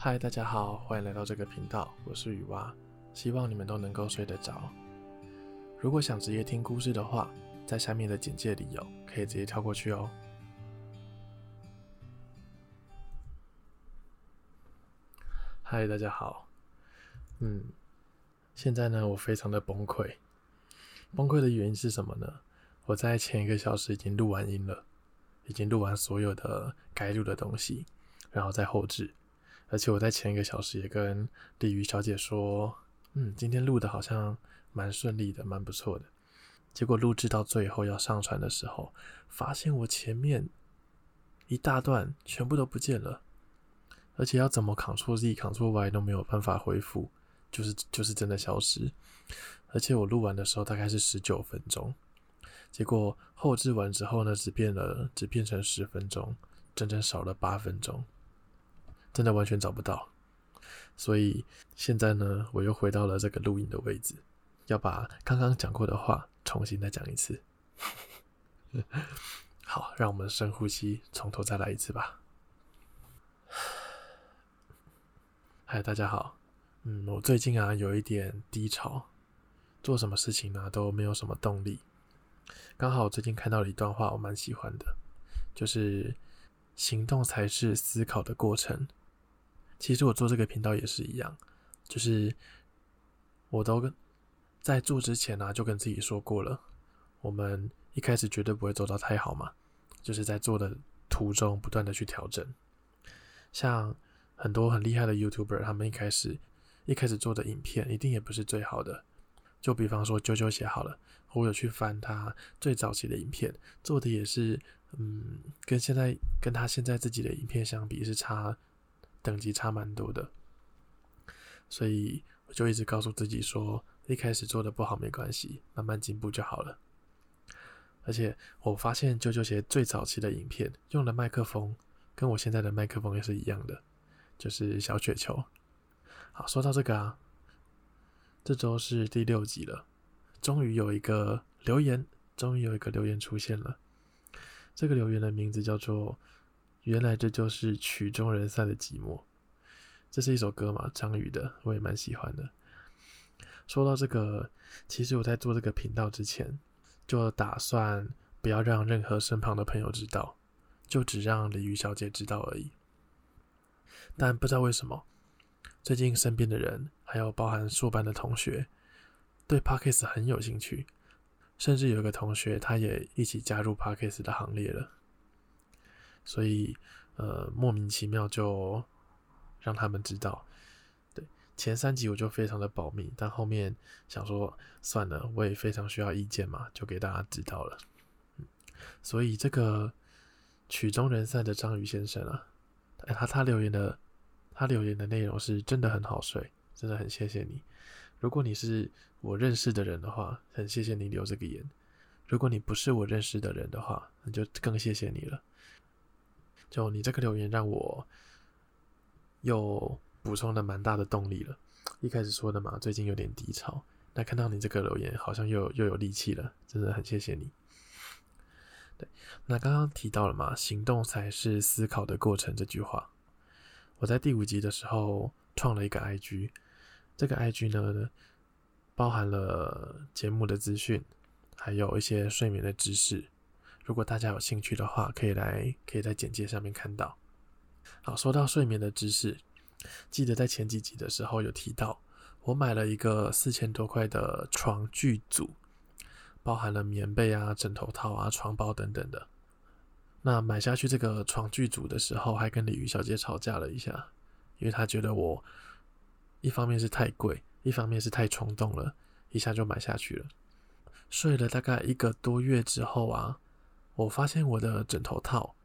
嗨，Hi, 大家好，歡迎來到這個頻道，我是雨蛙，希望你們都能夠睡得着。如果想直接聽故事的話，在下面的簡介裡有，哦，可以直接跳過去哦。嗨，大家好。嗯，現在呢，我非常的崩潰。崩潰的原因是什麼呢？我在前一個小時已經錄完音了，已經錄完所有的該錄的東西，然後再後製。而且我在前一個小時也跟鯉魚小姐說，嗯，今天錄的好像蠻順利的，蠻不錯的。結果錄製到最後要上傳的時候，發現我前面一大段全部都不見了，而且要怎麼 Ctrl Z、Ctrl Y 都沒有辦法恢復，就是就是真的消失。而且我錄完的時候大概是十九分鐘，結果後製完之後呢，只變了，只變成十分鐘，整整少了八分鐘。真的完全找不到，所以現在呢，我又回到了這個錄音的位置，要把剛剛講過的話重新再講一次。 好，讓我們深呼吸，從頭再來一次吧。嗨，大家好。嗯，我最近啊有一點低潮，做什麼事情呢、啊、都沒有什麼動力。剛好我最近看到了一段話，我蠻喜歡的，就是行動才是思考的過程。其實我做這個頻道也是一樣，就是我都跟在做之前呢、啊，就跟自己說過了，我們一開始絕對不會做到太好嘛，就是在做的途中不斷的去調整。像很多很厲害的 YouTuber，他們一開始一開始做的影片一定也不是最好的。就比方說啾啾鞋好了，我有去翻他最早期的影片，做的也是，嗯，跟現在跟他現在自己的影片相比是差，等級差蠻多的，所以我就一直告訴自己說，一開始做的不好沒關係，慢慢進步就好了。而且我發現啾啾鞋最早期的影片用的麥克風，跟我現在的麥克風也是一樣的，就是小雪球。好，說到這個啊，這週是第六集了，終於有一個留言，終於有一個留言出現了。這個留言的名字叫做。原來這就是曲終人散的寂寞，這是一首歌嘛，張宇的，我也蠻喜歡的。說到這個，其實我在做這個頻道之前，就打算不要讓任何身旁的朋友知道，就只讓鯉魚小姐知道而已。但不知道為什麼，最近身邊的人，還有包含碩班的同學，對 Podcast 很有興趣，甚至有一個同學他也一起加入 Podcast 的行列了。所以，呃，莫名其妙就讓他們知道。對，前三集我就非常的保密，但後面想說算了，我也非常需要意見嘛，就給大家知道了。嗯，所以這個曲終人散的章魚先生啊，欸、他他留言的他留言的內容是真的很好睡，真的很謝謝你。如果你是我認識的人的話，很謝謝你留這個言；如果你不是我認識的人的話，那就更謝謝你了。就你這個留言，讓我又補充了蠻大的動力了。一開始說的嘛，最近有點低潮，那看到你這個留言，好像又又有力氣了，真的很謝謝你。對，那剛剛提到了嘛，行動才是思考的過程這句話，我在第五集的時候創了一個 IG，這個 IG 呢，包含了節目的資訊，還有一些睡眠的知識。如果大家有興趣的話，可以來，可以在簡介上面看到。好，說到睡眠的知識，記得在前幾集的時候有提到，我買了一個四千多塊的床具組，包含了棉被啊、枕頭套啊、床包等等的。那買下去這個床具組的時候，還跟鯉魚小姐吵架了一下，因為她覺得我一方面是太貴，一方面是太衝動了，一下就買下去了。睡了大概一個多月之後啊。我發現我的枕頭套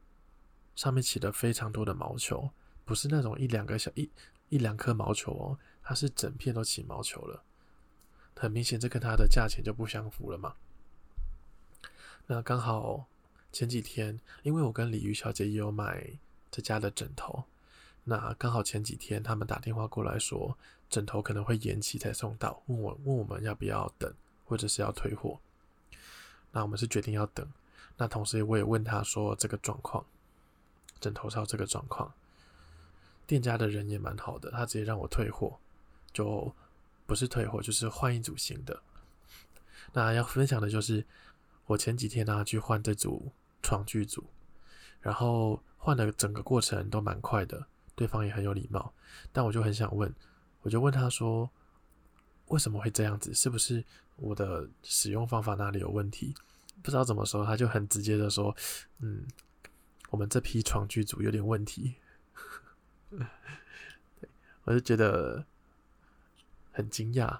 上面起了非常多的毛球，不是那種一兩個小一一兩顆毛球哦，它是整片都起毛球了。很明顯，這跟它的價錢就不相符了嘛。那剛好前幾天，因為我跟鯉魚小姐也有買這家的枕頭，那剛好前幾天他們打電話過來說，枕頭可能會延期才送到，問我問我們要不要等，或者是要退貨。那我們是決定要等。那同時，我也問他說：“這個狀況，枕頭套這個狀況，店家的人也蠻好的，他直接讓我退貨，就不是退貨，就是換一組新的。”那要分享的就是，我前幾天呢、啊、去換這組床具組，然後換了整個過程都蠻快的，對方也很有禮貌。但我就很想問，我就問他說：“為什麼會這樣子？是不是我的使用方法哪裡有問題？”不知道怎麼說，他就很直接的說：“嗯，我們這批床具組有點問題。 ”對，我就覺得很驚訝，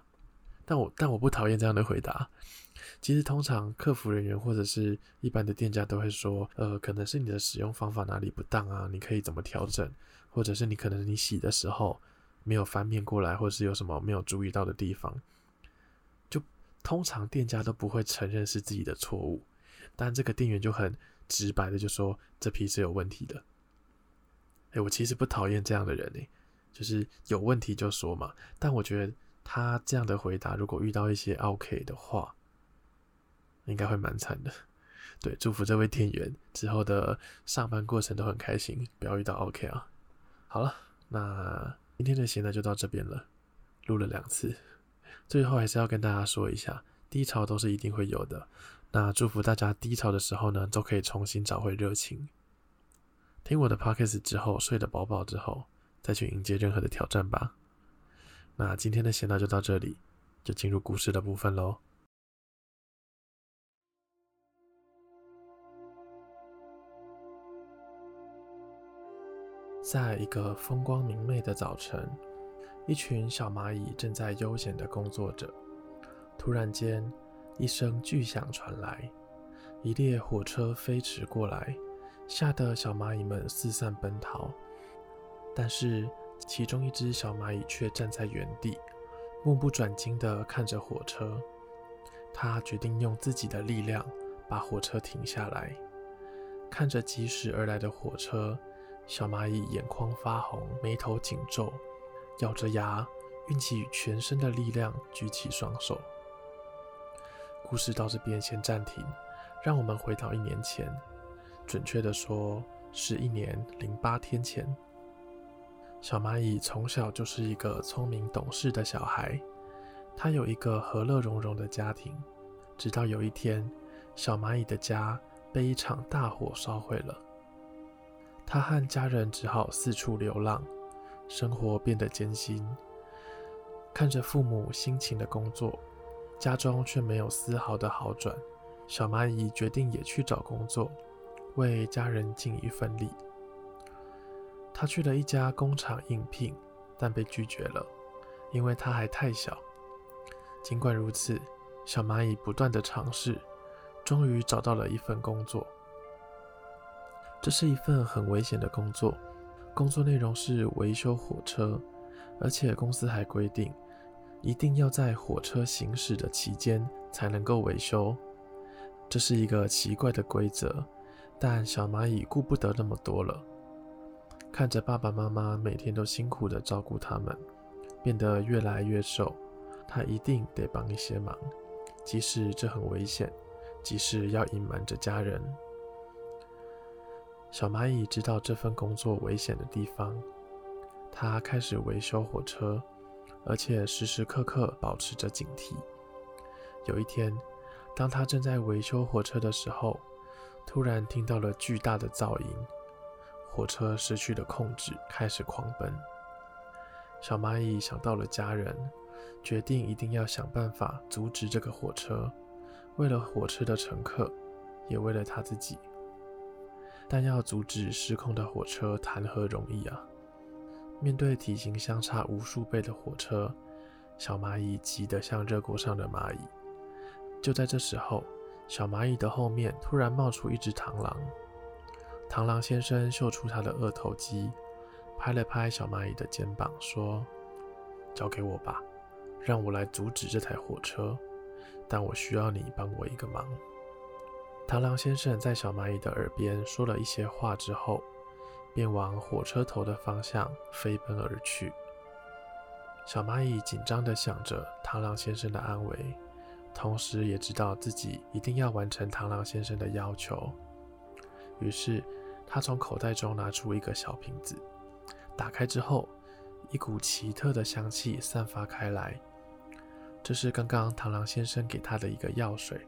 但我但我不討厭這樣的回答。其實通常客服人員或者是一般的店家都會說：“呃，可能是你的使用方法哪裡不當啊？你可以怎麼調整？或者是你可能你洗的時候沒有翻面過來，或者是有什麼沒有注意到的地方。”通常店家都不會承認是自己的錯誤，但這個店員就很直白的就說這批是有問題的。哎、欸，我其實不討厭這樣的人哎、欸，就是有問題就說嘛。但我覺得他這樣的回答，如果遇到一些 OK 的話，應該會蠻慘的。對，祝福這位店員之後的上班過程都很開心，不要遇到 OK 啊。好了，那今天的閒呢就到這邊了，錄了兩次。最後還是要跟大家說一下，低潮都是一定會有的。那祝福大家低潮的時候呢，都可以重新找回熱情。聽我的 podcast 之後，睡得飽飽之後，再去迎接任何的挑戰吧。那今天的閒聊就到這裡，就進入故事的部分嘍。在一個風光明媚的早晨，一群小螞蟻正在悠閒地工作着，突然間，一聲巨響傳來，一列火車飛馳過來，嚇得小螞蟻們四散奔逃。但是，其中一隻小螞蟻卻站在原地，目不轉睛地看着火車。它決定用自己的力量把火車停下來。看着疾駛而來的火車，小螞蟻眼眶發紅，眉頭緊皺。咬着牙，運起全身的力量，舉起雙手。故事到這邊先暫停，讓我們回到一年前，準確的說是一年零八天前。小螞蟻從小就是一個聰明懂事的小孩，他有一個和樂融融的家庭。直到有一天，小螞蟻的家被一場大火燒毀了，他和家人只好四處流浪。生活變得艱辛，看着父母辛勤的工作，家中卻沒有絲毫的好轉。小螞蟻決定也去找工作，為家人盡一份力。他去了一家工廠應聘，但被拒絕了，因為他還太小。儘管如此，小螞蟻不斷的嘗試，終於找到了一份工作。這是一份很危險的工作。工作內容是維修火車，而且公司還規定，一定要在火車行駛的期間才能夠維修。這是一個奇怪的規則，但小螞蟻顧不得那麼多了。看着爸爸媽媽每天都辛苦地照顧他們，變得越來越瘦，他一定得幫一些忙，即使這很危險，即使要隱瞞着家人。小螞蟻知道這份工作危險的地方，他開始維修火車，而且時時刻刻保持着警惕。有一天，當他正在維修火車的時候，突然聽到了巨大的噪音，火車失去了控制，開始狂奔。小螞蟻想到了家人，決定一定要想辦法阻止這個火車，為了火車的乘客，也為了他自己。但要阻止失控的火車，談何容易啊！面對體型相差無數倍的火車，小螞蟻急得像熱鍋上的螞蟻。就在這時候，小螞蟻的後面突然冒出一隻螳螂。螳螂先生秀出他的二頭肌，拍了拍小螞蟻的肩膀說，說：“交給我吧，讓我來阻止這台火車。但我需要你幫我一個忙。”螳螂先生在小螞蟻的耳邊說了一些話之後，便往火車頭的方向飛奔而去。小螞蟻緊張地想着螳螂先生的安危，同時也知道自己一定要完成螳螂先生的要求。於是，他從口袋中拿出一個小瓶子，打開之後，一股奇特的香氣散發開來。這是剛剛螳螂先生給他的一個藥水。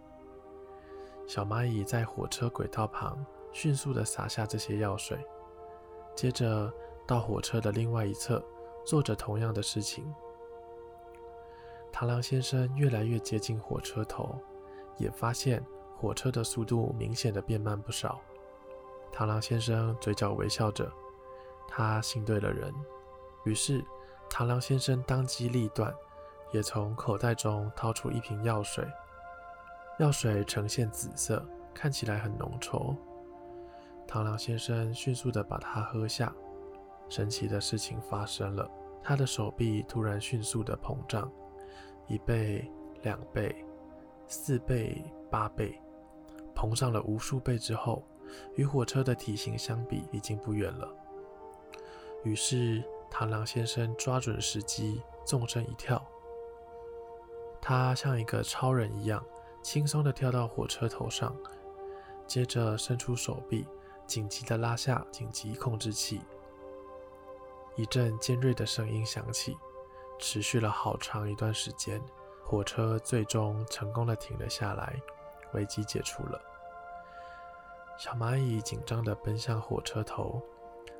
小螞蟻在火車軌道旁迅速地撒下這些藥水，接着到火車的另外一側做着同樣的事情。螳螂先生越來越接近火車頭，也發現火車的速度明顯地變慢不少。螳螂先生嘴角微笑着，他信對了人。於是，螳螂先生當機立斷，也從口袋中掏出一瓶藥水。藥水呈現紫色，看起來很濃稠。螳螂先生迅速地把它喝下。神奇的事情發生了，他的手臂突然迅速地膨脹，一倍、兩倍、四倍、八倍，膨脹了無數倍之後，與火車的體型相比已經不遠了。於是，螳螂先生抓準時機，縱身一跳。他像一個超人一樣。輕鬆的跳到火車頭上，接着伸出手臂，緊急的拉下緊急控制器。一陣尖銳的聲音響起，持續了好長一段時間。火車最終成功的停了下來，危機解除了。小螞蟻緊張的奔向火車頭，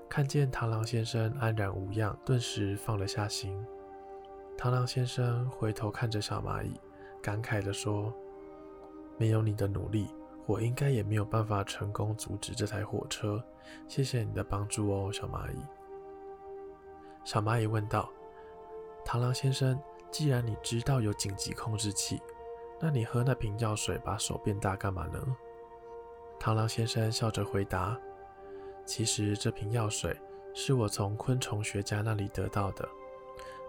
看見螳螂先生安然無恙，頓時放了下心。螳螂先生回頭看着小螞蟻，感慨的說。沒有你的努力，我應該也沒有辦法成功阻止這台火車。謝謝你的幫助哦，小螞蟻。小螞蟻問道：“螳螂先生，既然你知道有緊急控制器，那你喝那瓶藥水把手變大幹嘛呢？”螳螂先生笑着回答：“其實這瓶藥水是我從昆蟲學家那裡得到的，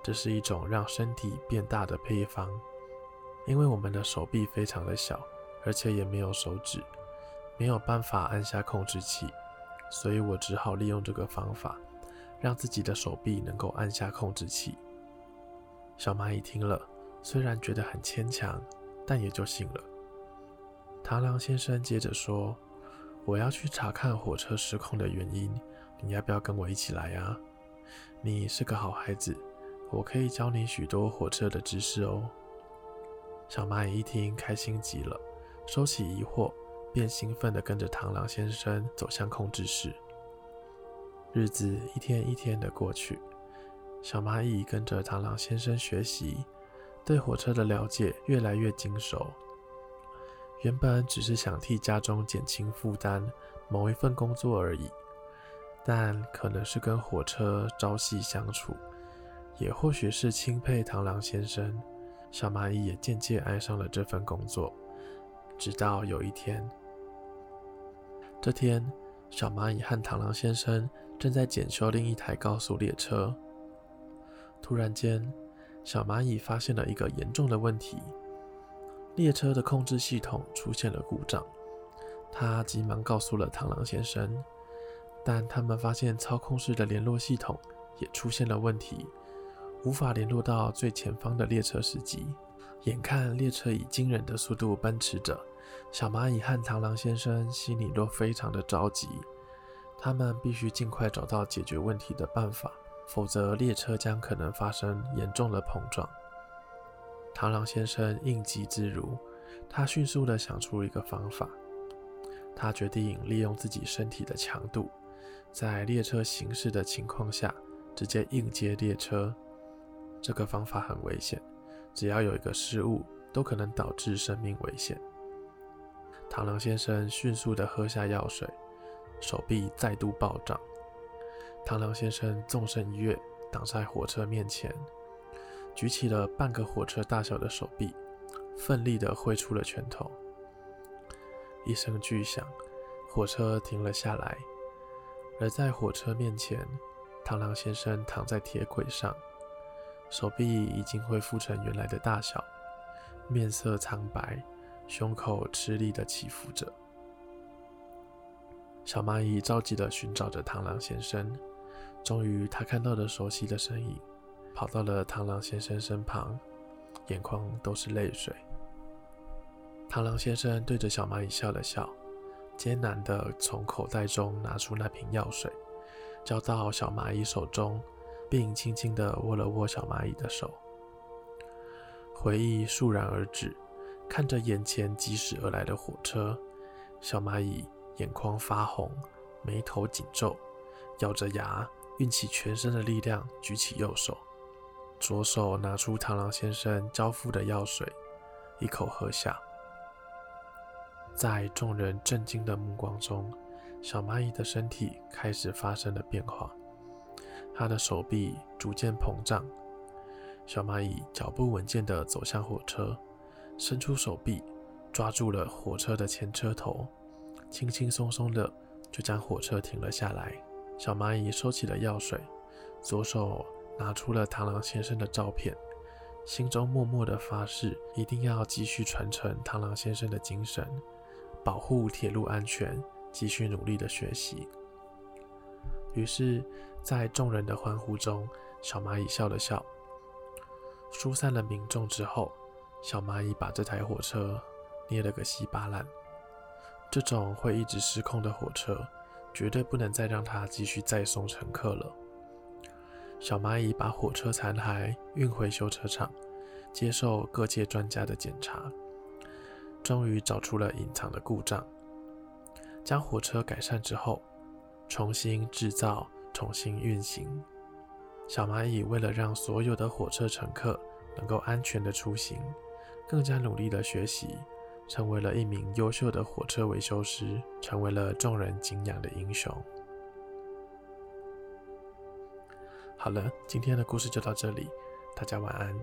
這是一種讓身體變大的配方，因為我們的手臂非常的小。”而且也沒有手指，沒有辦法按下控制器，所以我只好利用這個方法，讓自己的手臂能夠按下控制器。小螞蟻聽了，雖然覺得很牽強，但也就信了。螳螂先生接着說：“我要去查看火車失控的原因，你要不要跟我一起來啊？你是個好孩子，我可以教你許多火車的知識哦。”小螞蟻一聽，開心極了。收起疑惑，便興奮地跟着螳螂先生走向控制室。日子一天一天地過去，小螞蟻跟着螳螂先生學習，對火車的了解越來越精熟。原本只是想替家中減輕負擔，某一份工作而已，但可能是跟火車朝夕相處，也或許是欽佩螳螂先生，小螞蟻也漸漸愛上了這份工作。直到有一天，這天，小螞蟻和螳螂先生正在檢修另一台高速列車。突然間，小螞蟻發現了一個嚴重的問題：列車的控制系統出現了故障。他急忙告訴了螳螂先生，但他們發現操控室的聯絡系統也出現了問題，無法聯絡到最前方的列車司機。眼看列車以驚人的速度奔馳着，小螞蟻和螳螂先生心裡都非常的着急。他們必須盡快找到解決問題的辦法，否則列車將可能發生嚴重的碰撞。螳螂先生應急自如，他迅速的想出一個方法。他決定利用自己身體的強度，在列車行駛的情況下直接硬接列車。這個方法很危險。只要有一個失誤，都可能導致生命危險。螳螂先生迅速的喝下藥水，手臂再度暴漲。螳螂先生縱身一躍，擋在火車面前，舉起了半個火車大小的手臂，奮力的揮出了拳頭。一聲巨響，火車停了下來。而在火車面前，螳螂先生躺在鐵軌上。手臂已經恢復成原來的大小，面色蒼白，胸口吃力的起伏着。小螞蟻着急的尋找着螳螂先生，終於，他看到了熟悉的身影，跑到了螳螂先生身旁，眼眶都是淚水。螳螂先生對着小螞蟻笑了笑，艱難的從口袋中拿出那瓶藥水，交到小螞蟻手中。並輕輕的握了握小螞蟻的手。回憶戛然而止，看着眼前疾駛而來的火車，小螞蟻眼眶發紅，眉頭緊皺，咬着牙，運起全身的力量，舉起右手，左手拿出螳螂先生交付的藥水，一口喝下。在眾人震驚的目光中，小螞蟻的身體開始發生了變化。他的手臂逐漸膨脹，小螞蟻腳步穩健的走向火車，伸出手臂抓住了火車的前車頭，輕輕松松的就將火車停了下來。小螞蟻收起了藥水，左手拿出了螳螂先生的照片，心中默默的發誓，一定要繼續傳承螳螂先生的精神，保護鐵路安全，繼續努力的學習。於是。在眾人的歡呼中，小螞蟻笑了笑。疏散了民眾之後，小螞蟻把這台火車捏了個稀巴爛。這種會一直失控的火車，絕對不能再讓它繼續載送乘客了。小螞蟻把火車殘骸運回修車廠，接受各界專家的檢查，終於找出了隱藏的故障。將火車改善之後，重新製造。重新運行。小螞蟻為了讓所有的火車乘客能夠安全的出行，更加努力的學習，成為了一名優秀的火車維修師，成為了眾人敬仰的英雄。好了，今天的故事就到這裡，大家晚安。